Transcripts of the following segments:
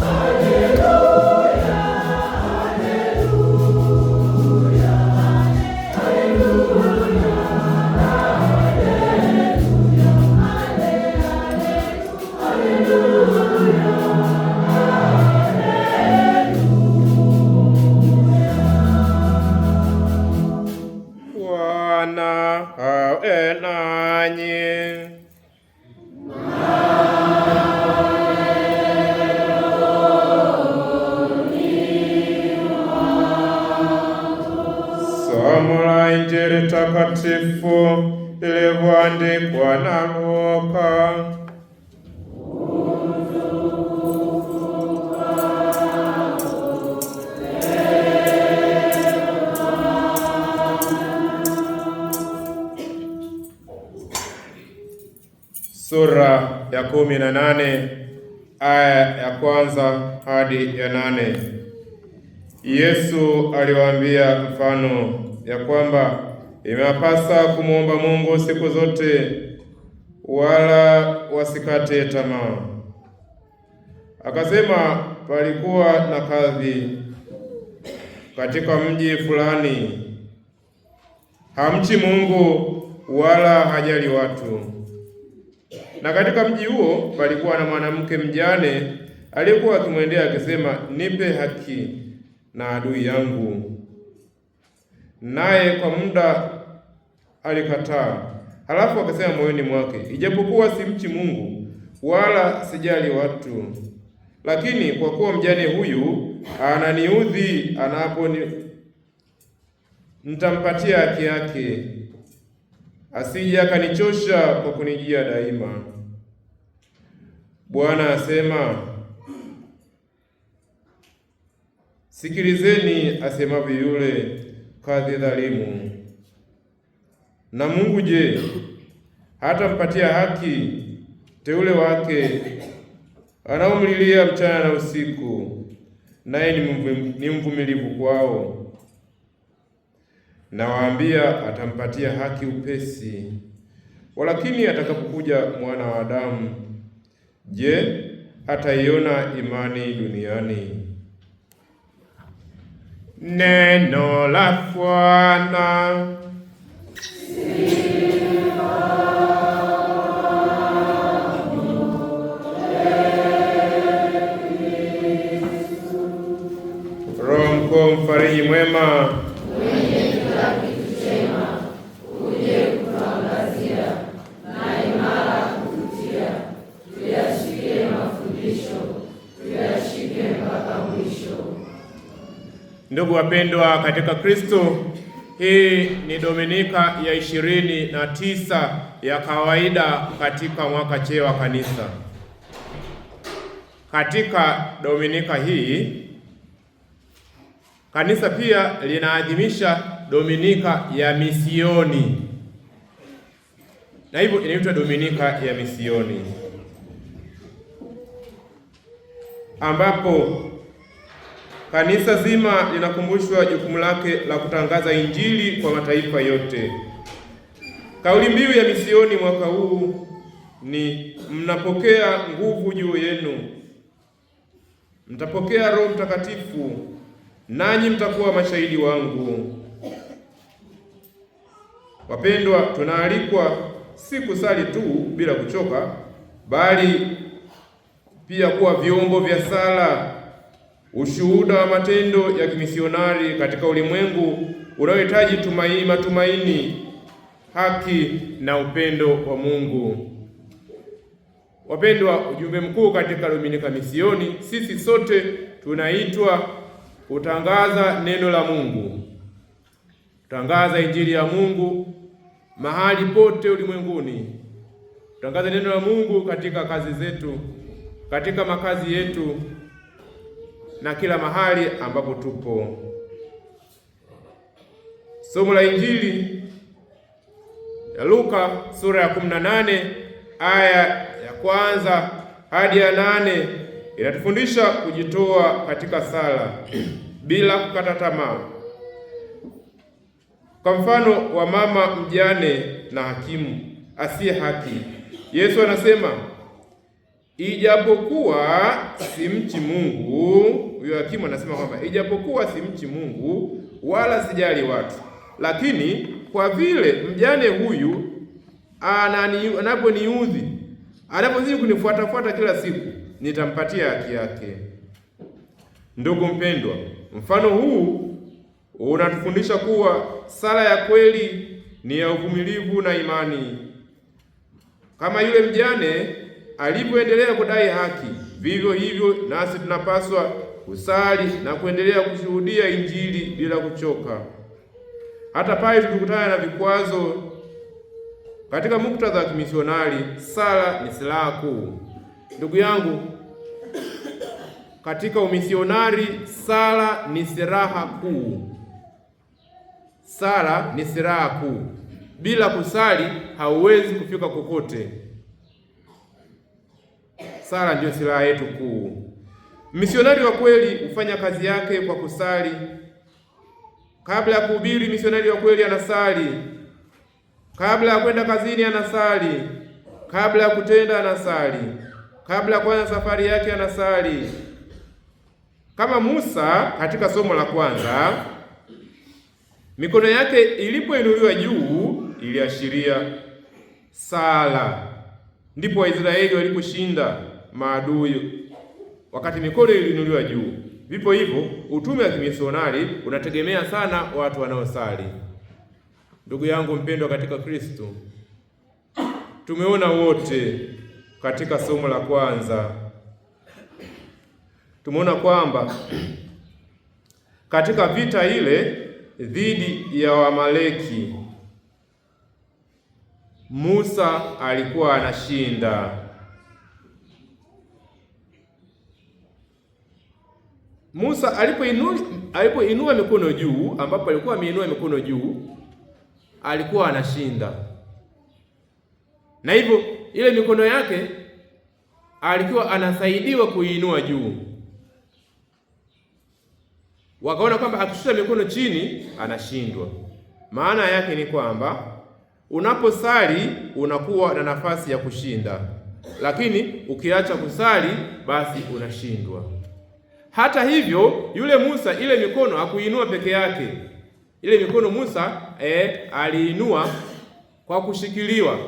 Amen. Somo la Injili takatifu lilivyoandikwa na Luka. Sura ya kumi na nane aya ya kwanza hadi ya nane. Yesu aliwaambia mfano ya kwamba imewapasa kumwomba Mungu siku zote, wala wasikate tamaa. Akasema palikuwa na kadhi katika mji fulani, hamchi Mungu wala hajali watu. Na katika mji huo palikuwa na mwanamke mjane aliyekuwa akimwendea akisema, nipe haki na adui yangu naye kwa muda alikataa. Halafu akasema moyoni mwake, ijapokuwa simchi Mungu wala sijali watu, lakini kwa kuwa mjane huyu ananiudhi ni... nitampatia haki yake, asije akanichosha kwa kunijia daima. Bwana asema, sikilizeni asemavyo yule dhalimu. Na Mungu je, hatampatia haki teule wake anaomlilia mchana na usiku, naye ni mvumilivu kwao? Nawaambia, atampatia haki upesi. Walakini atakapokuja mwana wa Adamu, je, ataiona imani duniani? Neno la Bwana. Roho mkuu mfariji mwema Ndugu wapendwa katika Kristo, hii ni Dominika ya ishirini na tisa ya kawaida katika mwaka C wa Kanisa. Katika Dominika hii Kanisa pia linaadhimisha Dominika ya misioni na hivyo inaitwa Dominika ya misioni ambapo kanisa zima linakumbushwa jukumu lake la kutangaza Injili kwa mataifa yote. Kauli mbiu ya misioni mwaka huu ni mnapokea nguvu juu yenu, mtapokea Roho Mtakatifu nanyi mtakuwa mashahidi wangu. Wapendwa, tunaalikwa si kusali tu bila kuchoka, bali pia kuwa vyombo vya sala ushuhuda wa matendo ya kimisionari katika ulimwengu unaohitaji tumaini, matumaini, haki na upendo wa Mungu. Wapendwa, ujumbe mkuu katika Dominika Misioni, sisi sote tunaitwa kutangaza neno la Mungu, kutangaza injili ya Mungu mahali pote ulimwenguni, kutangaza neno la Mungu katika kazi zetu, katika makazi yetu na kila mahali ambapo tupo. Somo la Injili ya Luka sura ya 18 aya ya kwanza hadi ya nane inatufundisha kujitoa katika sala bila kukata tamaa, kwa mfano wa mama mjane na hakimu asiye haki. Yesu anasema Ijapokuwa simchi Mungu, huyo hakimu anasema kwamba ijapokuwa simchi Mungu wala sijali watu, lakini kwa vile mjane huyu anani anaponiudhi, anapozidi kunifuatafuata kila siku, nitampatia haki yake. Ndugu mpendwa, mfano huu unatufundisha kuwa sala ya kweli ni ya uvumilivu na imani, kama yule mjane alivyoendelea kudai haki, vivyo hivyo nasi tunapaswa kusali na kuendelea kushuhudia Injili bila kuchoka, hata pale tukikutana na vikwazo. Katika muktadha wa kimisionari, sala ni silaha kuu. Ndugu yangu, katika umisionari, sala ni silaha kuu. Sala ni silaha kuu. Bila kusali hauwezi kufika kokote. Sala ndiyo silaha yetu kuu. Misionari wa kweli hufanya kazi yake kwa kusali. Kabla ya kuhubiri, misionari wa kweli anasali. Kabla ya kwenda kazini, anasali. Kabla ya kutenda, anasali. Kabla ya kuanza safari yake, anasali. Kama Musa katika somo la kwanza, mikono yake ilipoinuliwa juu iliashiria sala, ndipo Waisraeli waliposhinda maadui, wakati mikono ilinuliwa juu. Vipo hivyo, utume wa kimisionari unategemea sana watu wanaosali. Ndugu yangu mpendwa katika Kristo, tumeona wote katika somo la kwanza, tumeona kwamba katika vita ile dhidi ya Wamaleki Musa alikuwa anashinda. Musa alipoinua alipoinua mikono juu, ambapo alikuwa ameinua mikono juu, alikuwa anashinda, na hivyo ile mikono yake alikuwa anasaidiwa kuinua juu. Wakaona kwamba akishusha mikono chini anashindwa. Maana yake ni kwamba unaposali unakuwa na nafasi ya kushinda, lakini ukiacha kusali basi unashindwa. Hata hivyo yule Musa ile mikono hakuinua peke yake. Ile mikono Musa e, aliinua kwa kushikiliwa,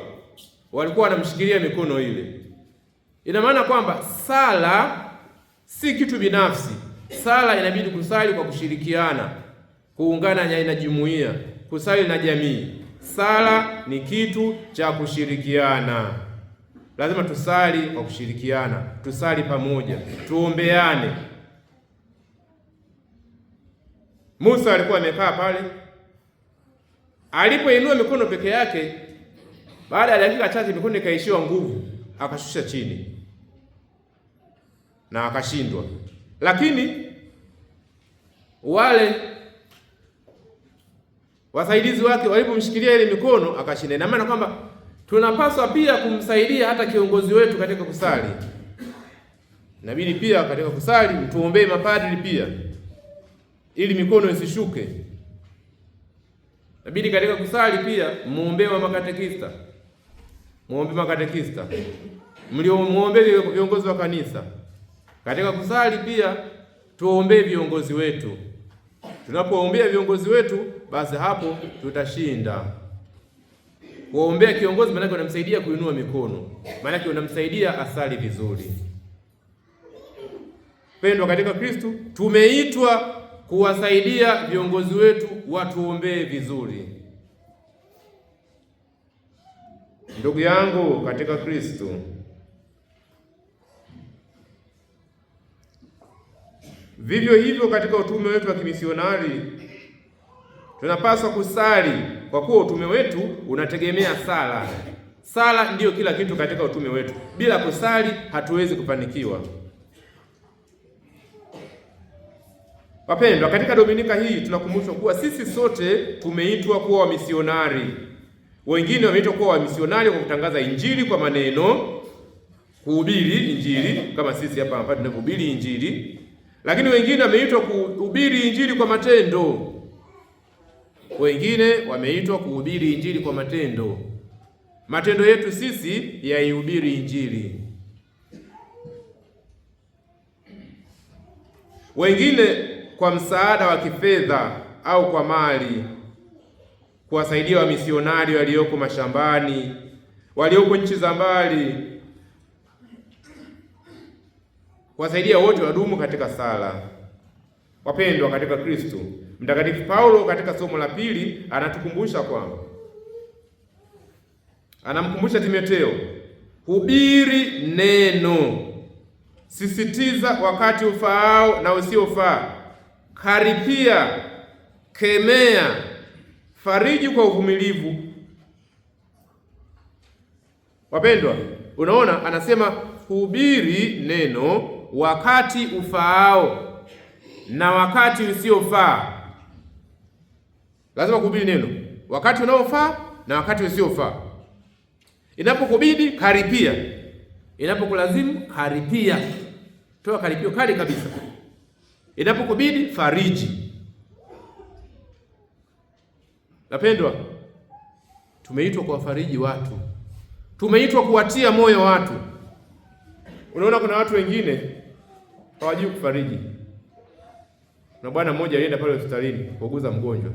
walikuwa wanamshikilia mikono ile. Ina maana kwamba sala si kitu binafsi. Sala inabidi kusali kwa kushirikiana, kuungana na jumuiya, kusali na jamii. Sala ni kitu cha kushirikiana. Lazima tusali kwa kushirikiana, tusali pamoja, tuombeane. Musa alikuwa amekaa pale, alipoinua mikono peke yake, baada ya dakika chache mikono ikaishiwa nguvu, akashusha chini na akashindwa. Lakini wale wasaidizi wake walipomshikilia ile mikono akashinda. Ina maana kwamba tunapaswa pia kumsaidia hata kiongozi wetu katika kusali. nabidi pia katika kusali mtuombee mapadri pia ili mikono isishuke. Inabidi katika kusali pia muombe wa makatekista, muombe makatekista, mliomuombe viongozi wa kanisa. Katika kusali pia tuombee viongozi wetu. Tunapoombea viongozi wetu, basi hapo tutashinda. Kuombea kiongozi, maanake unamsaidia kuinua mikono, maanake unamsaidia asali vizuri. Pendwa katika Kristo, tumeitwa kuwasaidia viongozi wetu watuombee vizuri. Ndugu yangu katika Kristo, vivyo hivyo katika utume wetu wa kimisionari tunapaswa kusali, kwa kuwa utume wetu unategemea sala. Sala ndiyo kila kitu katika utume wetu, bila kusali hatuwezi kufanikiwa. Wapendwa, katika Dominika hii tunakumbushwa kuwa sisi sote tumeitwa kuwa wamisionari. Wengine wameitwa kuwa wamisionari kwa kutangaza injili kwa maneno, kuhubiri injili kama sisi hapa hapa tunahubiri injili, lakini wengine wameitwa kuhubiri injili kwa matendo. Wengine wameitwa kuhubiri injili kwa matendo. Matendo yetu sisi yaihubiri injili. Wengine kwa msaada wa kifedha au kwa mali kuwasaidia wamisionari walioko mashambani, walioko nchi za mbali, kuwasaidia wote wadumu katika sala. Wapendwa katika Kristo, Mtakatifu Paulo katika somo la pili anatukumbusha kwamba anamkumbusha Timotheo, hubiri neno, sisitiza wakati ufaao na usiofaa karipia, kemea, fariji kwa uvumilivu. Wapendwa, unaona anasema hubiri neno wakati ufaao na wakati usiofaa. Lazima kuhubiri neno wakati unaofaa na wakati usiofaa. Inapokubidi karipia, inapokulazimu karipia, toa karipio kali kabisa. Inapokubidi fariji. Napendwa, tumeitwa kuwafariji watu, tumeitwa kuwatia moyo watu. Unaona, kuna watu wengine hawajui kufariji. Na bwana mmoja alienda pale hospitalini kuuguza mgonjwa,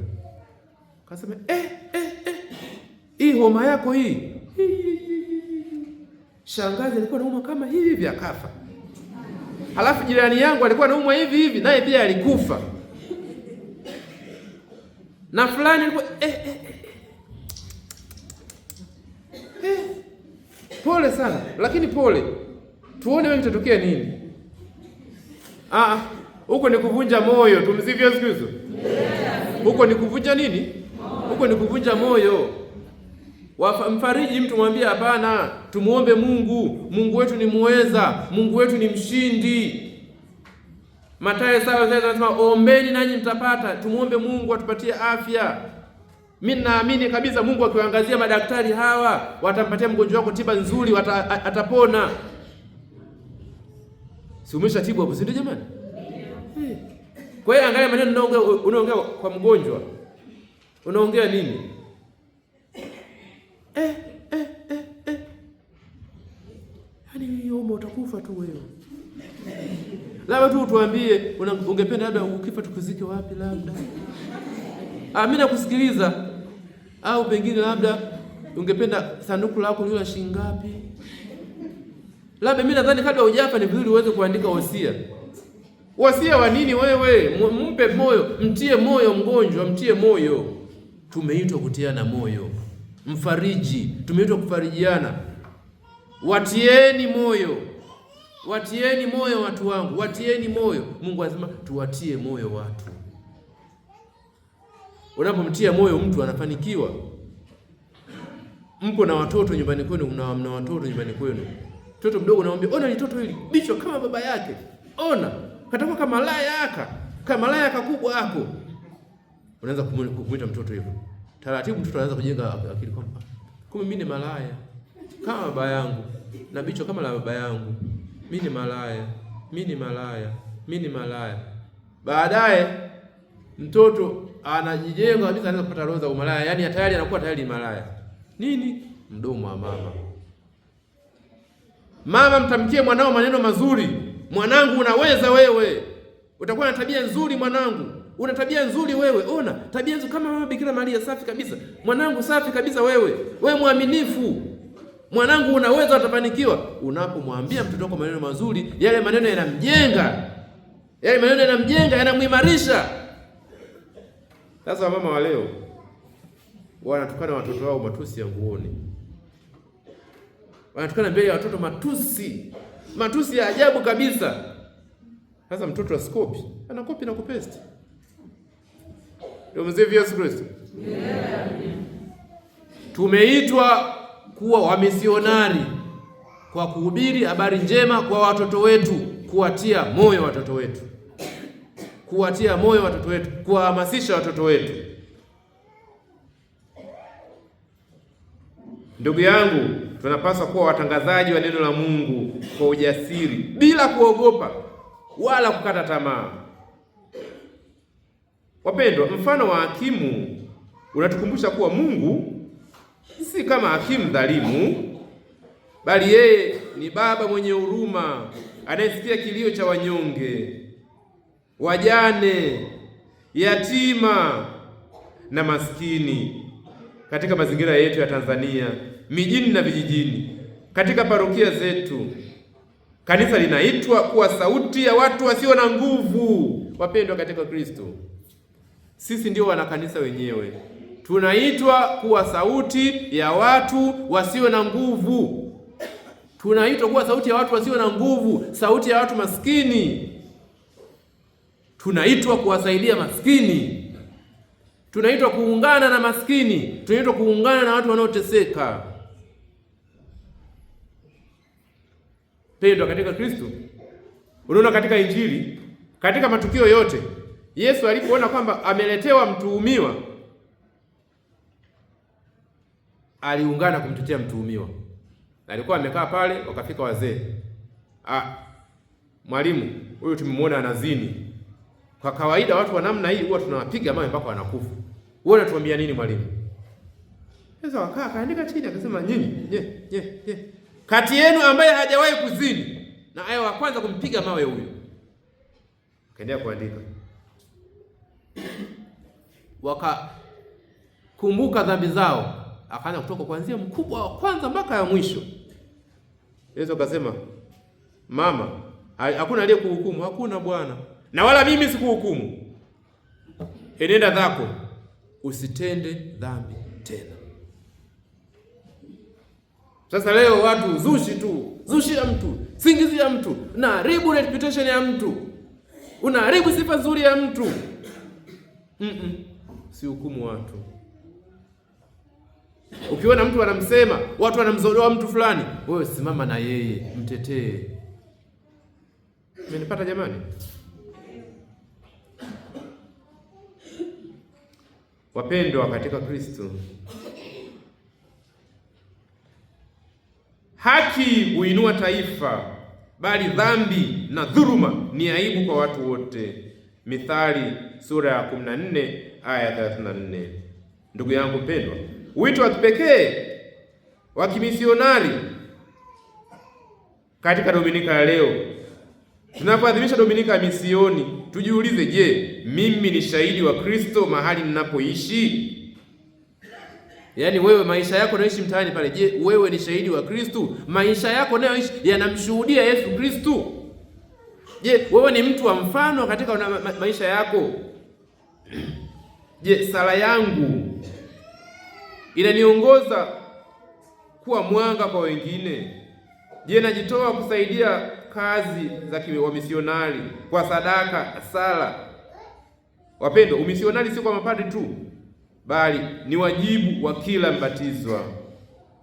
akasema eh, eh, eh, hii homa yako hii, hii, hii, hii, shangazi alikuwa anauma kama hivi akafa. Halafu jirani yangu alikuwa anaumwa hivi hivi, naye pia alikufa na fulani alikuwa eh, eh, eh, eh. eh pole sana, lakini pole, tuone wewe itatokea nini. Ah, ah, huko ni kuvunja moyo. Tumsifie sikizo huko ni kuvunja nini? Huko ni kuvunja moyo. Wamfariji mtu mwambie, hapana, tumuombe Mungu. Mungu wetu ni muweza, Mungu wetu ni mshindi. Mathayo saba anasema ombeni nanyi mtapata. Tumuombe Mungu atupatie afya. Mimi naamini kabisa Mungu akiwaangazia madaktari hawa watampatia mgonjwa wako tiba nzuri, wata, atapona. Si umesha tibu hapo, si ndio jamani? Kwa hiyo angalia maneno unaongea, unaongea kwa mgonjwa unaongea nini? eh, eh, eh, eh. Yaani utakufa tu wewe. Labda tu utuambie ungependa labda ukifa tukuzike wapi labda. Ah, mimi nakusikiliza. Au pengine labda ungependa sanduku lako liwe la shilingi ngapi? Labda mimi nadhani kabla hujafa ni vizuri uweze kuandika wosia. Wasia wa nini wewe? Mpe moyo, mtie moyo mgonjwa, mtie moyo. Tumeitwa kutiana moyo mfariji. Tumeitwa kufarijiana. Watieni moyo, watieni moyo watu wangu, watieni moyo. Mungu anasema tuwatie moyo watu. Unapomtia moyo mtu anafanikiwa. Mko na watoto nyumbani kwenu, mna watoto nyumbani kwenu, mtoto mdogo unamwambia, ona litoto hili bicho kama baba yake, ona katakuwa kamalaya aka kamalaya kakubwa ako, unaanza kumwita mtoto hivyo taratibu mtoto anaanza kujenga akili kwamba kumbe mimi ni malaya kama baba yangu na bicho kama la baba yangu, mimi ni malaya, mimi ni malaya, mimi ni malaya. Baadaye mtoto anajijenga kabisa, anaweza kupata roho za umalaya, yani tayari anakuwa tayari ni malaya. Nini? Mdomo wa mama. Mama, mtamkie mwanao maneno mazuri. Mwanangu, unaweza wewe, utakuwa na tabia nzuri mwanangu una tabia nzuri wewe, ona tabia nzuri kama mama Bikira Maria, safi kabisa. Mwanangu safi kabisa wewe, we mwaminifu mwanangu, unaweza utafanikiwa. Unapomwambia mtoto wako maneno mazuri, yale maneno yanamjenga, yale maneno yanamjenga, yanamuimarisha. Sasa wamama wa leo wanatukana watoto wao matusi ya nguoni, wanatukana mbele ya watoto matusi, matusi ya ajabu kabisa. Sasa mtoto asikopi, anakopi na kupesti. Tumsifu Yesu Kristo. Tumeitwa kuwa wamisionari kwa kuhubiri habari njema kwa watoto wetu, kuwatia moyo watoto wetu, kuwatia moyo watoto wetu, kuwahamasisha watoto wetu. Ndugu yangu, tunapaswa kuwa watangazaji wa neno la Mungu kwa ujasiri, bila kuogopa wala kukata tamaa. Wapendwa, mfano wa hakimu unatukumbusha kuwa Mungu si kama hakimu dhalimu, bali yeye ni baba mwenye huruma anayesikia kilio cha wanyonge, wajane, yatima na maskini katika mazingira yetu ya Tanzania, mijini na vijijini, katika parokia zetu. Kanisa linaitwa kuwa sauti ya watu wasio na nguvu, wapendwa katika Kristo. Sisi ndio wanakanisa wenyewe, tunaitwa kuwa sauti ya watu wasio na nguvu. Tunaitwa kuwa sauti ya watu wasio na nguvu, sauti ya watu maskini. Tunaitwa kuwasaidia maskini, tunaitwa kuungana na maskini, tunaitwa kuungana na watu wanaoteseka. Pendwa katika Kristo, unaona katika Injili, katika matukio yote Yesu alipoona kwamba ameletewa mtuhumiwa, aliungana kumtetea mtuhumiwa. Alikuwa amekaa pale, wakafika wazee, ah, mwalimu, huyu tumemwona anazini. Kwa kawaida watu wa namna hii huwa tunawapiga mawe mpaka wanakufa. Wewe unatuambia nini mwalimu? Sasa wakaa akaandika chini akasema, nyinyi ye, ye, ye. kati yenu ambaye hajawahi kuzini na aya wa kwanza kumpiga mawe huyo. Akaendelea kuandika wakakumbuka dhambi zao, akaanza kutoka kuanzia mkubwa wa kwanza mpaka ya mwisho. Yesu akasema, mama, hakuna aliye kuhukumu? Hakuna Bwana, na wala mimi sikuhukumu. Enenda zako usitende dhambi tena. Sasa leo watu zushi tu, zushi ya mtu, singizi ya mtu, unaharibu reputation ya mtu, unaharibu sifa nzuri ya mtu mm -mm. si hukumu watu. Ukiona mtu anamsema, watu wanamzodoa mtu fulani, wewe simama na yeye, mtetee. Umenipata jamani? Wapendwa katika Kristo, haki huinua taifa, bali dhambi na dhuluma ni aibu kwa watu wote. Mithali sura ya 14 aya 34. Ndugu yangu pendwa wito wa kipekee wa kimisionari katika Dominika ya leo. Tunapoadhimisha Dominika ya misioni, tujiulize, je, mimi ni shahidi wa Kristo mahali ninapoishi? Yaani wewe maisha yako naishi mtaani pale, je, wewe ni shahidi wa Kristo? Maisha yako unayoishi yanamshuhudia Yesu Kristo? Je, wewe ni mtu wa mfano katika una ma maisha yako? Je, sala yangu inaniongoza kuwa mwanga kwa wengine? Je, najitoa kusaidia kazi za kiwamisionari kwa sadaka, sala? Wapendwa, umisionari sio kwa mapadri tu, bali ni wajibu wa kila mbatizwa.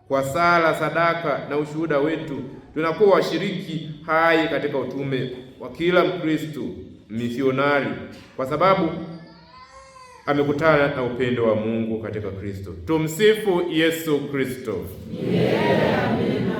Kwa sala, sadaka na ushuhuda wetu tunakuwa washiriki hai katika utume wa kila Mkristo misionari, kwa sababu amekutana na upendo wa Mungu katika Kristo. Tumsifu Yesu Kristo. Yeah,